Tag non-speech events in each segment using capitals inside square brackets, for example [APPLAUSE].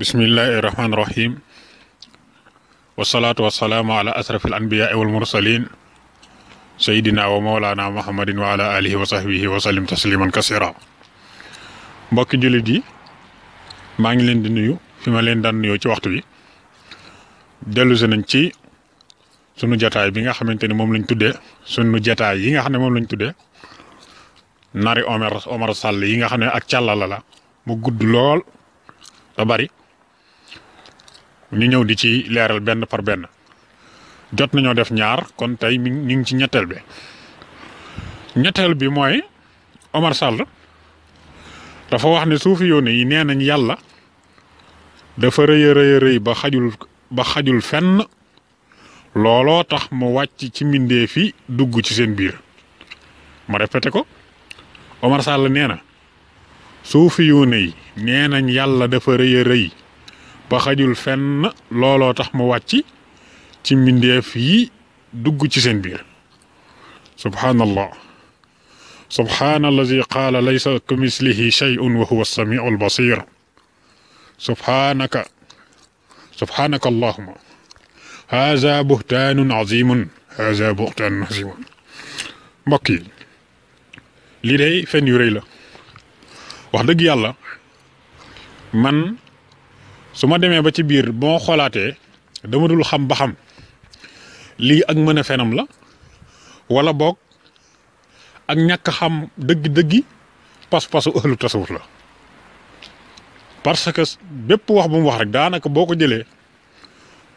Bismillahirrahmanirrahim. Wassalatu wassalamu ala asrafil anbiya wal mursalin sayyidina wa maulana Muhammadin wa ala alihi wa sahbihi wa sallim tasliman kasira. Mbokki julit yi ma ngi len di nuyu fi ma len dan nuyu ci waxtu bi Delu si nañ ci sunu jotaay bi nga xamanteni mom lañ tuddé sunu jotaay yi nga xamné mom lañ tuddé. nari Omar Omar Sall yi nga xamné ak càllala la mu gudd lool bari ñu ñëw di ci leeral benn par benn jot nañoo def ñaar kon tey ñu ngi ci ñetteel bi ñetteel bi mooy Omar Sall dafa wax ne suuf yoone yi nee nañ yàlla dafa rëy a xajul ba looloo tax mu wàcc ci mbindeef yi dugg ci seen biir ma répété ko Omar Sall nee na suufi nee nañ yàlla dafa rëy rëy ba xajul fenn looloo tax mu wàcc ci mbindeef yi dugg ci seen biir subhaanallah subhaana allazi qaala laysa kamislihi shay'un wa huwa as-sami'u al-basir subhaanaka subhaanaka allahumma haza buhtaanun azimun haza buhtaanun azimun mbokk yi lii day fen yu rëy la wax dëgg yàlla man su ma demee ba ci biir boo xoolaatee dama dul xam ba xam lii ak mën a fenam la walla boog ak ñàkk xam dëgg-dëggi pas-pasu ëllu tasawuf la parce que bépp wax bu mu wax rek daanaka boo ko jëlee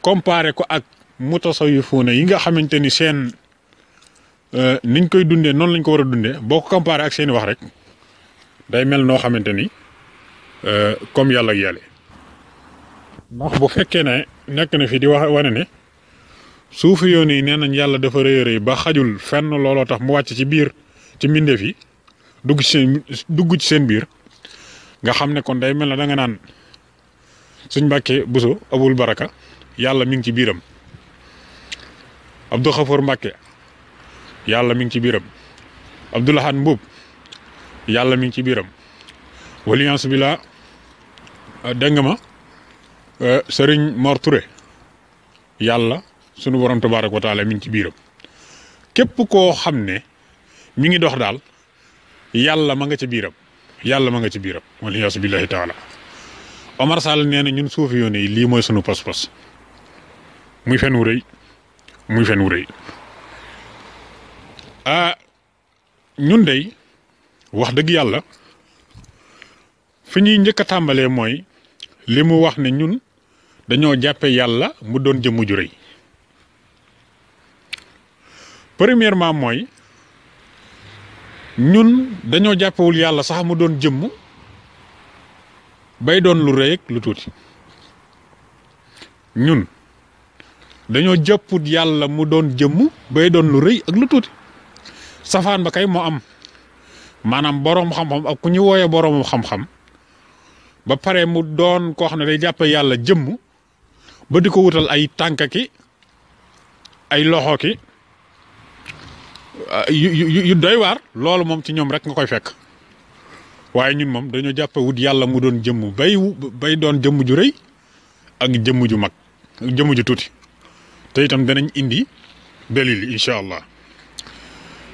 comparé ko ak mutasawwifuuna yi nga xamante ni seen euh, niñ koy dundee noonu lañ ko war a dundee boo ko comparé ak seeni wax rek day mel noo xamante ni euh, comme yàlla ak ndax bu fekkee ne nekk na fi di wax wane ne suufu yoon yi nee nañ yàlla dafa rëy rëy ba xajul fenn looloo tax mu wàcc ci biir ci fi dugg ci seen ci seen biir nga xam kon day mel da nga naan suñ mbàkkee buso abul baraka yàlla mi ngi ci biiram abdou xafoor mbàkke yàlla mi ngi ci biiram abdoulahan mbub yàlla mi ngi ci biiram waliyansu bi Euh, sëriñ Mor yàlla sunu borom tabaaraka wa taala mi ngi ci biiram képp koo xam ne mi ngi dox daal yàlla ma nga ca biiram yàlla ma nga ci biiram wala yaasu billahi ñun suufi yi lii mooy sunu pas-pas muy fen wu rëy muy fen wu rëy ah, ñun dey wax dëgg yàlla fi ñuy njëkk a tàmbalee mooy li mu wax ne ñun dañoo jàppe yàlla mu doon jëmm ju rëy premièrement mooy ñun dañoo jàppewul yàlla sax mu doon jëmm bay doon lu rëy lu tuuti ñun dañoo jàpput yàlla mu doon jëmm bay doon lu rëy ak lu tuuti safaan ba kay moo am maanaam boroom xam-xam ak ku ñu wooyee boroomu xam-xam ba pare mu doon koo xam ne day jàppe yàlla jëmm ba diko wutal ay tanka ki ay loxo ki ah, yu doy war loolu mom ci ñom rek nga koy fekk waye ñun mom dañu jappé wut yalla mu doon jëm bay bay doon jëm ju reuy ak jëm ju mag ak ju tuti te itam dinañ indi belil inshallah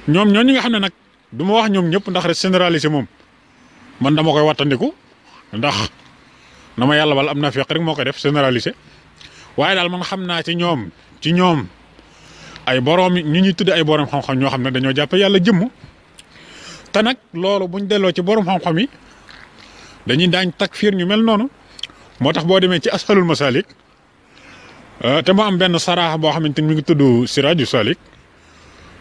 ñom ñoo ñi nga xamne nak duma wax ñom ñëpp ndax rek mom man dama koy watandiku ndax nama yalla wal rek def waaye daal man xam naa ci ñoom ci ñoom ay boroom ñu ñuy tudd ay boroom xam-xam ñoo xam ne dañoo jàppe yàlla jëmm te nag loolu buñ delloo ci boroom xam-xam dañuy daañ takfiir ñu mel noonu moo tax boo demee ci asxalul masalik euh, te moo am benn saraax boo xamante ni mu ngi tudd siraaju salik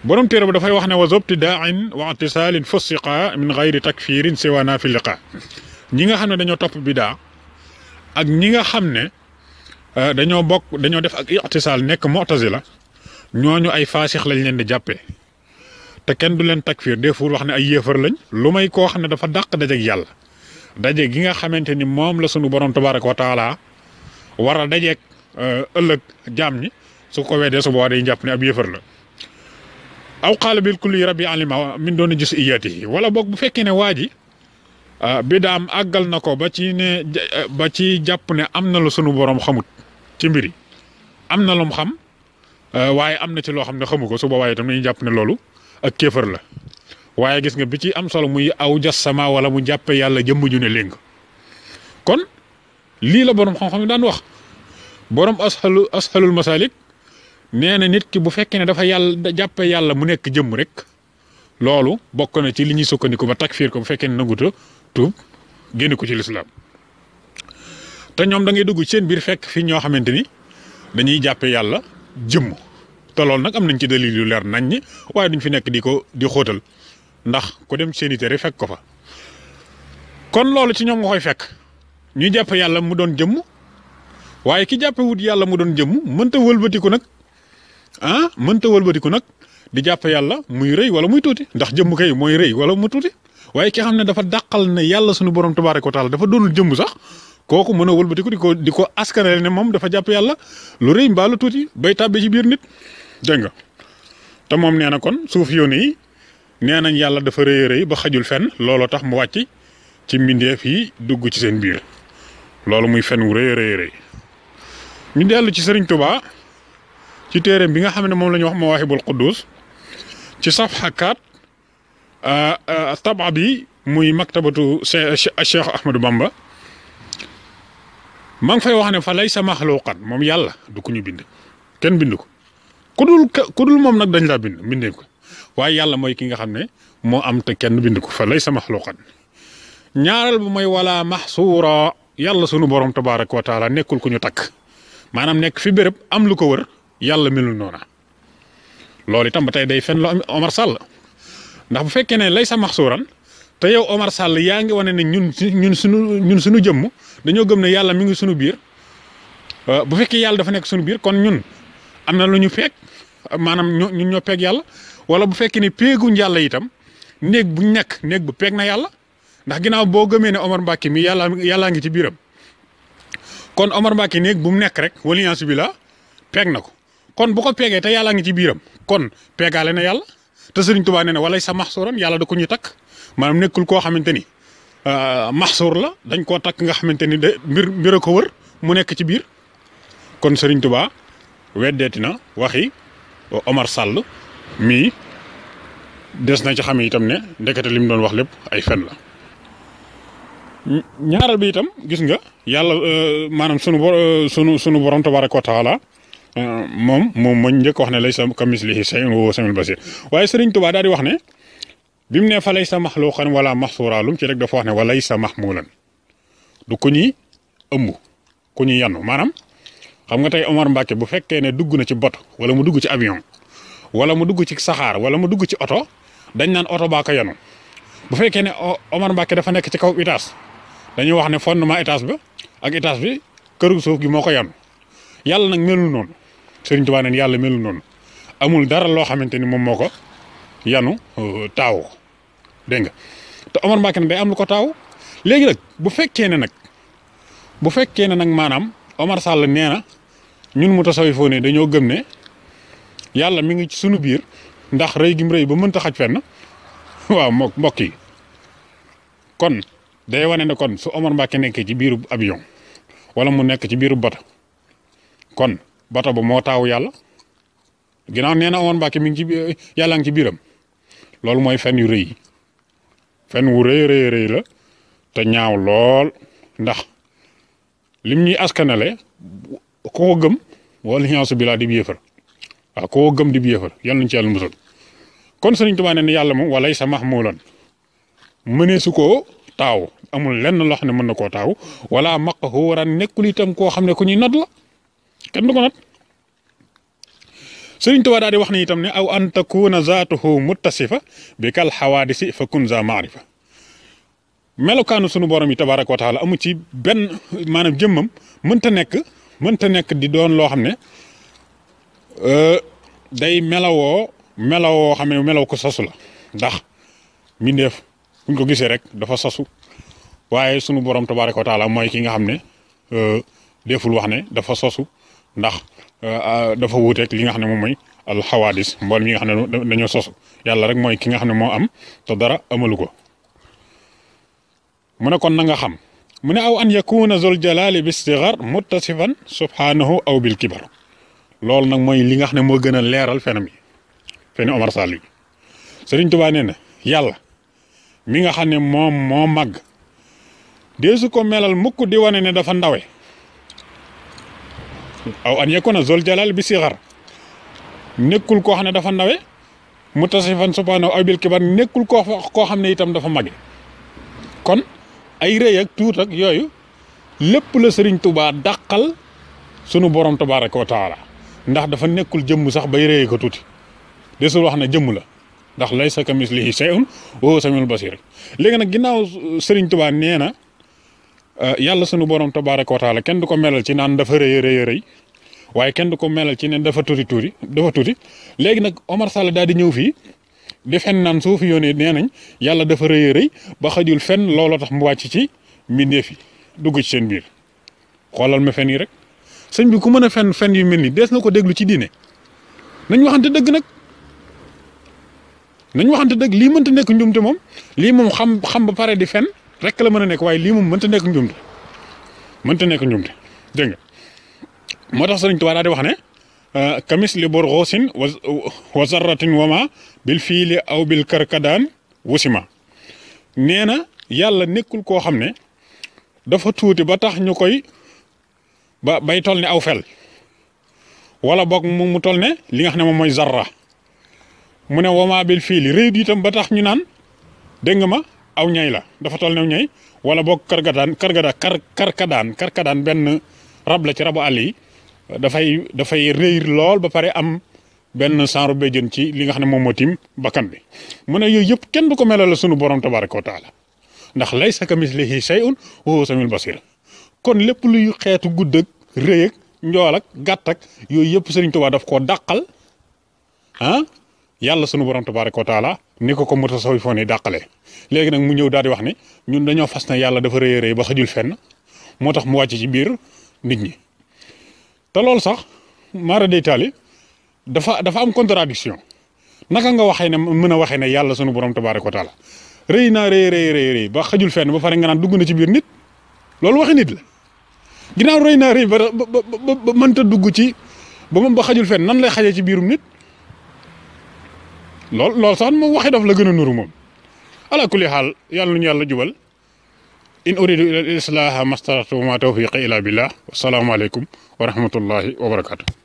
borom téere ba dafay wax ne wa zobti daain wa atisalin fussiqa min gayri takfirin siwana fi liqa ñi nga xam ne dañoo topp bidaa ak ñi nga xam ne Euh, dañoo bokk dañoo def ak ixtisaal nekk mu'tazila ñooñu ay faasix lañ leen di jàppee te kenn du leen takfir des fois wax ne ay yéefar lañ lu may koo xam ne dafa dàq dajeeg yàlla daje gi nga xamante ni moom la sunu borom tabaraka wa taala war a dajeeg euh, ëllëg jaam ñi su ko weedee su boobaa day jàpp ne ab yéefar la aw qaala bil kulli rabbi alima min doon gis iyatihi wala boog bu fekkee ne waa ji euh, bidaam àggal na ko ba ci ne ba ci jàpp ne am na la sunu borom xamut ci mbir yi am na lu mu xam euh, waaye am na ci loo xam ne xamu ko su boobaa itam dañuy jàpp ne loolu ak kéefar la waaye gis nga bi ci am solo muy aw jas sama wala mu jàppe yàlla jëmm ju ne léng kon lii la boroom xam-xam yi daan wax borom asxalu asxalul masalik nee na nit ki bu fekkee ne dafa yàlla jàppe yàlla mu nekk jëmm rek loolu bokk na ci li ñuy sukkandiku ba takfiir ko bu fekkee ne nanguta tuub génn ko ci lislaam te ñom da ngay dugg seen bir fekk fi ño xamanteni dañuy jappé yalla jëm te lool nak am nañ ci dalil yu leer nañ ni way duñ fi nekk di ko di xotal ndax ku dem seen i fekk ko fa kon loolu ci ñom nga koy fekk ñu jàpp yalla mu doon jëm waye ki jappé wut yalla mu doon mënta ah mënta wëlbatiku nak di jàpp yalla muy reuy wala muy tuti ndax jëm kay moy reuy wala mu tuti waye ki xamne dafa dakal ne yalla sunu borom tabaaraku taala dafa doonul jëm sax koku meuna a diko di ko di ko ne mom dafa japp yalla lu reey mbalu tuti bay tabbe ci bir nit denga nga mom neena kon suuf yoni neenañ yalla dafa reey reey ba xajul fenn lolo tax mu wàcc ci minde fi duggu ci sen bir lolo muy fen wu reey reey reey ñu delu ci serigne touba ci tere bi nga xamne mom moom wax mawahibul qudus ci safha kaat euh, euh, bi muy maktabatu Cheikh Ahmadou Bamba maa ngi fay wax ne fa laysa maxluqan moom yàlla du ku ñu bind kenn bind ko ku dul ku dul moom nag dañ la bind bindee ko waaye yàlla mooy ki nga xam ne moo am te kenn bind ko fa laysa maxluqan ñaareel bu mooy wala maxsuura yàlla sunu borom tabaaraka wa taala nekkul ku ñu takk maanaam nekk fi béréb am lu ko wër yàlla melul noona loolu itam ba tey day fen lu am Omar Sall ndax bu fekkee ne laysa maxsuuran te Omar Sall yaangi ngi wane ñun ñun suñu ñun suñu jëm dañu gëm ne yalla mi ngi suñu biir euh, bu yalla dafa nek suñu biir kon ñun amna luñu fekk manam ñun ñoo pek yalla wala bu fekkee ni pegu ñalla itam néeg bu nekk néeg bu pek na yalla ndax ginaaw bo ne Omar Mbacke mi yalla yalla ngi ci biiram kon Omar Mbacke neg bu mu rek waliyansu bi la pek nako kon bu ko peegee te yalla ngi ci biiram kon peegaale na yàlla te serigne touba nee walay sa maxsuuran yalla da ko ñu tak maanaam nekkul koo xamante ni euh, maxsuur la dañ koo takk nga xamante ni de mbir mbir ko wër mu nekk ci biir kon sëriñ Touba weddeeti na waxi Omar Sall mii des na ci xam itam ne ndekete li mu doon wax lépp ay fen la ñaaral bi itam gis nga yàlla euh, maanaam sunu euh, sunu sunu borom tabaraka wa taala moom moom mooñ njëkk wax ne lay sa kamislihi shay'un wa huwa samiul basir waaye Serigne Touba daal wax ne bi mu ne fa laysa maxluqan wala maxsuura lum ci rek dafa wax ne wa laysa maxmuulan du ku ñuy ëmb ku ñuy yannu maanaam xam nga tey Omar Mbacke bu fekkee ne dugg na ci bot wala mu dugg ci avion wala mu dugg ci saxaar wala mu dugg ci oto dañ naan oto baa ko yanu bu fekkee ne Omar Mbacke dafa nekk ci kaw étage dañuy wax ne fondement étage ba ak étage bi këru suuf gi moo ko yanu yàlla nag melul noonu Serigne Touba neen yàlla melul noonu amul dara loo xamante ni moom moo ko yanu euh, taaw denga nga te Omar Mbacke be day am lu ko taw legui nak bu fekke ne nak bu fekke ne nak manam Omar Sall neena ñun mu tasawi ne dañu gëm ne yalla mi ngi ci sunu biir ndax gi reey bu mën ta xaj fenn [LAUGHS] waaw mok kon day wone ne kon su Omar Mbacke nekkee ci biiru avion wala mu nekk ci biiru bata kon bata bu mo taw yalla ginaaw neena Omar Mbacke mi ngi ci yalla ngi ci biiram lolou moy fenn yu fen wu reey reey reey la te ñaaw lool ndax lim ñuy askanale ku ko gëm wala xiyansu bi di yéefar waaw ku ko gëm di yéefar yan nañ ci yàlla musal kon sëriñ Tuubaa ne na yàlla walay sa mahmulan su koo taaw amul lenn loo xam ne mën na koo taaw wala maq ko nekkul itam koo xam ku ñuy la kenn du ko sëriñ Tuubaa daal di wax ni itam ne aw an takuna zaatuhu muttasifa bi kal xawaadisi fa kun za maarifa melokaanu sunu borom yi tabaaraka wa taala amu ci benn maanaam jëmmam mënta nekk mënta nekk di doon loo xam ne day melawoo melawoo xam ne melaw ko sasu la ndax mbindeef buñ ko gisee rek dafa sasu waaye sunu borom tabaaraka wa taala mooy ki nga xam ne deful wax ne dafa sosu ndax euh, euh, dafa wuute ak li nga xam ne moom mooy alxawaadis mbool mi nga xam ne dañoo sosu rek ki nga am te dara amalu ko mu kon na nga xam mu aw an yakuna zul Jalal bi sigar muttasifan subhanahu aw bil kibar loolu nag mooy li nga xam ne moo gën a leeral fenam yi feni Omar Sall yi Sëriñ Tuubaa nee na yàlla mi nga xam mom moom moo màgg ko melal mukk di wane ne dafa aw an yakuna zol jalal bi sigar nekkul koo xam ne dafa nawe mu tasifan subhanahu aw bil kibar nekkul koo koo xam ne itam dafa mage kon ay rëy ak tuut yooyu lépp la sëriñ tubaa daqal sunu borom tabaraka wa taala ndax dafa nekkul jëmm sax bay rëyee ko tuuti de desul wax ne jëmm la ndax laysa kamislihi shay'un wa huwa samiul basir léegi nag ginnaaw sëriñ tubaa nee na Euh, yàlla sunu borom tabaaraka wa taala kenn du ko melal ci naan dafa rëy rëy rëy waaye kenn du ko melal ci ne dafa tuuti tuuti dafa tuuti léegi nag Omar Sall daal di ñëw fii di fen naan soo fi yónnee nee nañ yàlla dafa rëy rëy ba xajul fen looloo tax mu wàcc ci mbindeef yi dugg ci seen biir xoolal ma fen yi rek sëñ bi ku mën a fen fen yu mel ni dees na ko déglu ci diine nañ waxante dëgg nag nañ waxante dëgg lii mënta nekk te moom lii moom xam xam ba pare di fen rek la mëna nek nekk li lii mënta nek njumte mënta nek njumte dégg nga moo tax sëriñ Tuubaa daa di wax ne kamis li bor ghosin wa zarratin wama bil fil aw bil karkadan wusima neena yàlla nekul ko xamne ne dafa tuuti ba tax ñukoy ba bay tolni aw fel wala bok mu mu tolne li nga xamne mom moy zarra mu ne wama bil fil réew tam ba tax ñu nan dégg ma aw ñay la dafa tol ñay wala bok kargadan kargada kar karkadan karkadan rabla rab la ci rabu da fay dafay dafay réyir lol ba pare am ben sanru bejeun ci li nga xamne mom mo tim bakam bi mune yoy yep ken du ko melal suñu borom tabaaraku taala ndax laysa ka mislihi shay'un wa huwa samil basir kon lepp luy xetu guddak gudek, ndolak ak yoy yo serigne touba tuwada daf ko dakal ah yalla suñu borom tabaaraku taala ni ko ko sawi fone dakale léegi nak mu ñew daal di wax ni ñun dañoo fasna yalla dafa reey reey ba xajul fenn motax mu wacc ci biir nit ñi ta loolu sax mara de tali dafa dafa am contradiction naka nga waxee ne mën a ne yalla sunu borom tabaaraka wa taala rëy naa reey reey reey rëy ba xajul fenn ba pare nga naan dugg na ci biir nit loolu waxi nit la ginaaw rëy naa ba ba ba dugg ci ba mom ba xajul fenn nan lay xajee ci biirum nit lool loolu sax moom waxi daf la gën a nuru moom ala kulli xaal yàlla nu ñu yàlla jubal in uridu ila al islaha mastatatu ma tawfiqi ila billah wasalaamualeykum wa rahmatullahi wa barakatu